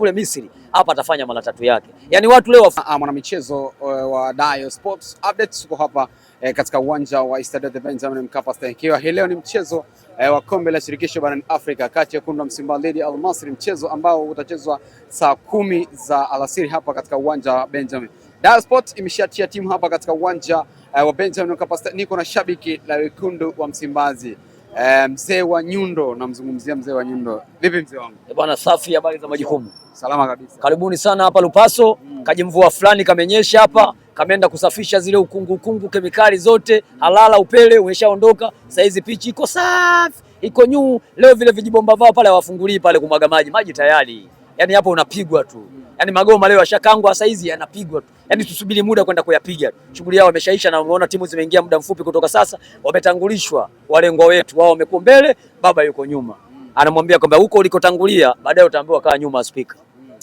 kule Misri, hapa atafanya mara tatu yake. Yani watu leo ah, mwanamichezo eh, wa Dayo Sports Updates uko hapa e, katika uwanja wa Stade Benjamin Mkapa ikiwa hii leo ni mchezo e, wa kombe la shirikisho barani Afrika kati ya kundi la Simba dhidi ya Al Masry, mchezo ambao utachezwa saa kumi za alasiri hapa katika uwanja wa Benjamin. Dayo Sports imeshatia timu hapa katika uwanja e, wa Benjamin Mkapa. Niko na shabiki la wekundu wa Msimbazi Eh, mzee wa Nyundo, namzungumzia mzee wa Nyundo. Vipi mzee wangu? E bwana, safi. Habari za majukumu? Salama kabisa. Karibuni sana hapa Lupaso. Mm. Kaji mvua fulani kamenyesha hapa mm. Kameenda kusafisha zile ukungu ukungu, kemikali zote, halala upele umeshaondoka. Sasa hizi pichi iko safi, iko nyuu. Leo vile vijibomba vao pale hawafungulii pale kumwaga maji, maji tayari, yaani hapo unapigwa tu mm yani magoma leo yashakangwa sasa, hizi yanapigwa tu, yani tusubiri muda kwenda kuyapiga. Shughuli yao wameshaisha, na umeona timu zimeingia muda mfupi kutoka sasa, wametangulishwa walengwa wetu, wao wamekuwa mbele, baba yuko nyuma, anamwambia kwamba huko ulikotangulia baadaye utaambiwa kaa nyuma speaker.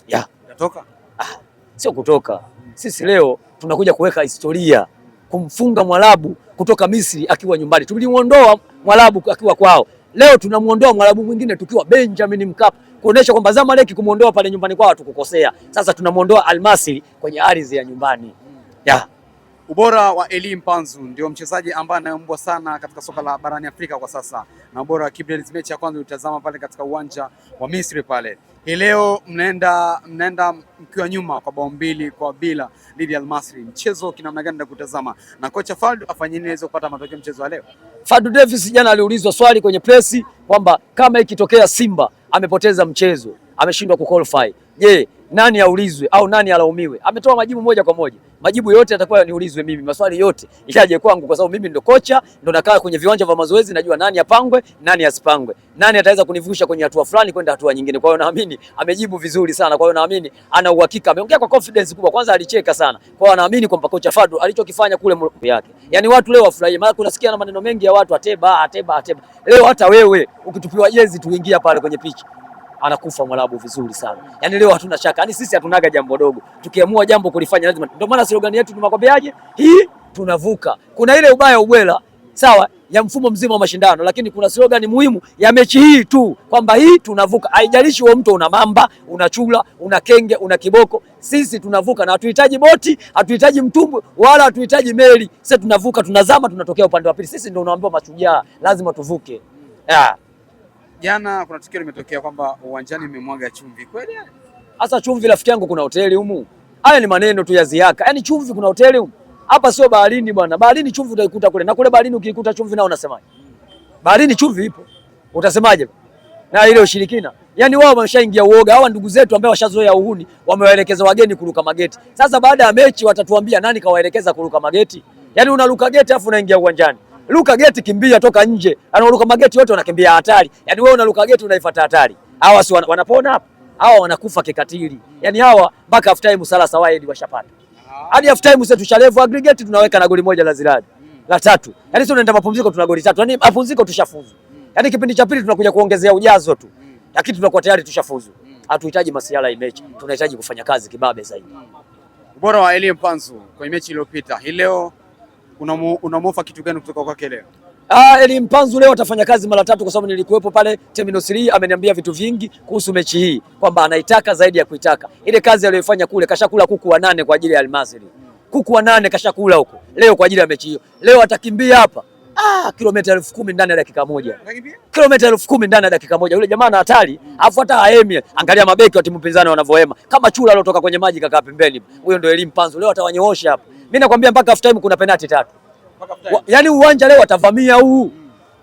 Yeah. Kutoka? Ah, sio kutoka. Sisi leo tunakuja kuweka historia kumfunga Mwarabu kutoka Misri akiwa nyumbani. Tulimuondoa Mwarabu akiwa kwao, leo tunamuondoa Mwarabu mwingine tukiwa Benjamin Mkapa kuonesha kwamba Zamalek kumuondoa pale nyumbani kwao tukukosea. Sasa tunamuondoa Almasi kwenye ardhi ya nyumbani Ya. Ubora wa Eli Mpanzu ndio mchezaji ambaye anayombwa sana katika soka la barani Afrika kwa sasa, na ubora wa Kibrelis, mechi ya kwanza utazama pale katika uwanja wa Misri pale. Hii leo mnaenda mnaenda mkiwa nyuma kwa bao mbili kwa bila dhidi ya Almasri, mchezo kinamna gani na kutazama, na kocha Fadlu afanye nini aweze kupata matokeo mchezo wa leo? Fadlu Davis jana aliulizwa swali kwenye presi kwamba kama ikitokea Simba amepoteza mchezo, ameshindwa kuqualify. Je, nani aulizwe au nani alaumiwe? Ametoa majibu moja kwa moja majibu yote yatakuwa niulizwe mimi, maswali yote yaje kwangu, kwa sababu mimi ndo kocha, ndo nakaa kwenye viwanja vya mazoezi, najua nani apangwe, nani asipangwe, nani ataweza kunivusha kwenye hatua fulani kwenda hatua nyingine. Kwa hiyo naamini amejibu vizuri sana, kwa hiyo naamini ana uhakika, ameongea kwa confidence kubwa. Kwanza alicheka sana, kwa hiyo naamini kwamba kocha Fadlu alichokifanya kule yake, yani watu leo wafurahie, maana kunasikia na maneno mengi ya watu ateba, ateba, ateba. Leo hata wewe ukitupiwa jezi tuingia pale kwenye picha anakufa Mwarabu vizuri sana. Yaani leo hatuna shaka. Yaani sisi hatunaga jambo dogo. Tukiamua jambo kulifanya lazima. Ndio maana slogan yetu tunakwambiaje? Hii tunavuka. Kuna ile ubaya ubwela, sawa, ya mfumo mzima wa mashindano, lakini kuna slogan muhimu ya mechi hii tu kwamba hii tunavuka. Haijalishi wewe mtu una mamba, una chula, una kenge, una kiboko, sisi tunavuka na hatuhitaji boti, hatuhitaji mtumbwi wala hatuhitaji meli. Sisi tunavuka, tunazama, tunatokea upande wa pili. Sisi ndio unaambiwa mashujaa, lazima tuvuke. Yeah jana kuna tukio limetokea kwamba uwanjani imemwaga chumvi kweli? Hasa chumvi, rafiki yangu, kuna hoteli humu? Haya ni maneno tu ya ziaka. Yaani chumvi, kuna hoteli humu? Hapa sio baharini bwana. Baharini chumvi utaikuta kule. Na kule baharini ukikuta chumvi nao unasemaje? Baharini chumvi ipo. Utasemaje? Na ile ushirikina. Yaani wao wameshaingia uoga. Hawa ndugu zetu ambao washazoea uhuni wamewaelekeza wageni kuruka mageti. Sasa baada ya mechi watatuambia nani kawaelekeza kuruka mageti? Yaani unaruka geti afu unaingia uwanjani. Luka geti kimbia toka nje. Yaani Anaruka mageti yote wanakimbia hatari. Yaani wewe unaruka geti unaifuata hatari. Hawa si wanapona hapo. Hawa wanakufa kikatili. Yaani hawa mpaka half time sala Sawaid washapata. Ah. Hadi half time zetu tushalevu aggregate tunaweka na goli moja la Ziradi. Hmm. La tatu. Yaani sio unaenda mapumziko tuna goli tatu. Yaani mapumziko tushafuzu. Hmm. Yaani kipindi cha pili tunakuja kuongezea ujazo tu. Hmm. Lakini tunakuwa tayari tushafuzu. Hatuhitaji masiala ya mechi. Tunahitaji kufanya kazi kibabe zaidi. Ubora wa Elie Mpanzu kwenye mechi iliyopita. Hii leo unamuofa kitu gani kutoka kwake leo? Ah, Eli Mpanzu leo atafanya kazi mara tatu kwa sababu nilikuwepo pale Terminal 3, ameniambia vitu vingi kuhusu mechi hii kwamba anaitaka zaidi ya kuitaka. Ile kazi aliyoifanya kule kashakula kuku wa nane kwa ajili ya Almasri. Kuku wa wanane kashakula huko. Leo kwa ajili ya mechi hiyo. Leo atakimbia hapa. Ah, kilomita elfu kumi ndani ya dakika moja. Kilomita elfu kumi ndani ya dakika moja. Yule jamaa ana hatari, afu hata aemi. Angalia mabeki wa timu pinzani wanavyohema. Kama chula aliyotoka kwenye maji kakaa pembeni. Huyo ndio Eli Mpanzu. Leo atawanyoosha hapa. Mimi nakwambia mpaka half time kuna penalti tatu. yaani uwanja leo watavamia huu. Mm.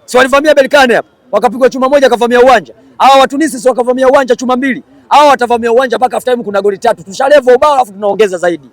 Si walivamia Berkane hapa. Wakapigwa chuma moja akavamia uwanja. Hawa wa Tunisia si wakavamia uwanja chuma mbili. Hawa watavamia uwanja mpaka half time kuna goli tatu. Tushalevo ubao alafu tunaongeza zaidi.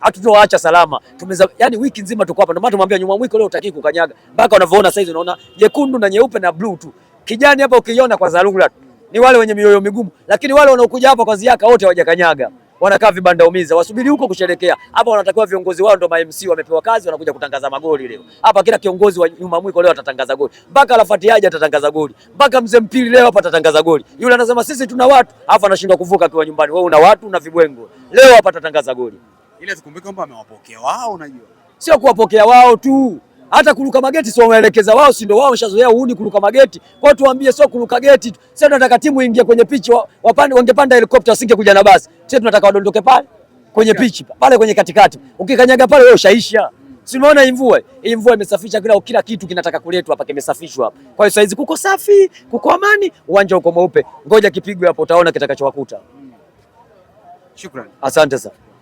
Hatutowaacha salama. Tumeza yani wiki nzima tuko hapa. Ndio maana tumwambia nyuma wiki leo utaki kukanyaga. Mpaka unavyoona saizi unaona nyekundu na nyeupe na blue tu. Kijani hapa ukiona kwa dharura tu. ni wale wenye mioyo migumu, lakini wale wanaokuja hapa kwa ziaka wote hawajakanyaga wanakaa vibanda umiza, wasubiri huko kusherekea. Hapa wanatakiwa viongozi wao ndo ma MC wamepewa kazi, wanakuja kutangaza magoli leo. Hapa kila kiongozi wa nyuma mwiko leo atatangaza goli, mpaka Rafati Haji atatangaza goli, mpaka mzee mpili leo hapa atatangaza goli. Yule anasema sisi tuna watu, afu anashindwa kuvuka akiwa nyumbani. Wewe una watu na vibwengo, leo hapa atatangaza goli. Ile tukumbuke kwamba amewapokea wao, unajua sio kuwapokea wao tu hata kuruka mageti sio waelekeza wao, si ndio wao washazoea uhuni kuruka mageti. Kwa hiyo tuambie sio kuruka geti. Sasa tunataka timu ingie kwenye pichi, wapande wangepanda helikopta kuja na basi. Sasa tunataka wadondoke pale kwenye pichi pale kwenye katikati, ukikanyaga pale wewe ushaisha. Si umeona mvua? Mvua imesafisha kila kila kitu kinataka kuletwa hapa kimesafishwa hapa. Kwa hiyo saizi kuko safi, kuko amani, uwanja uko mweupe. Ngoja kipigwe hapo utaona kitakachowakuta. Shukrani. Asante sana.